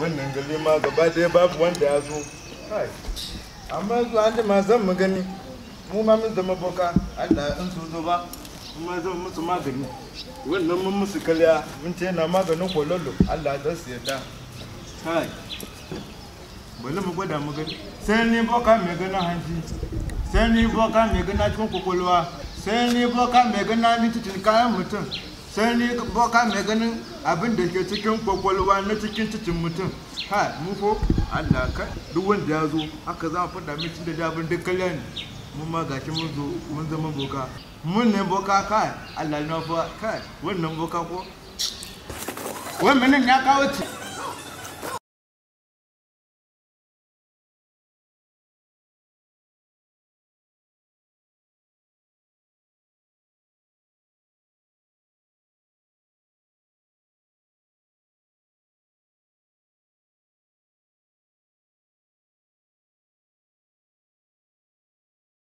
wannan gari ma gaba ɗaya babu wanda ya zo amma zuwa da ma zan mu gani mu ma mun zama boka allah in su zo ba kuma zan musu magani wannan mun musu kalya mun ce na maganin kololo allah zan su yarda kai bari mu gwada mu gani sai ni boka mai gana hanji sai ni boka mai gana cikin kwakwalwa sai ni boka mai gana mintacin kayan mutum sai ni boka mai ganin abin da ke cikin kwakwalwa na cikin cikin mutum ha mu ko Allah ka duk wanda ya zo haka za mu faɗa mishi da dabin duk kalyan mun ma gashi mun zo mun zama boka mun ne boka ka Allah na fa ka wannan boka ko wannan ya kawo ci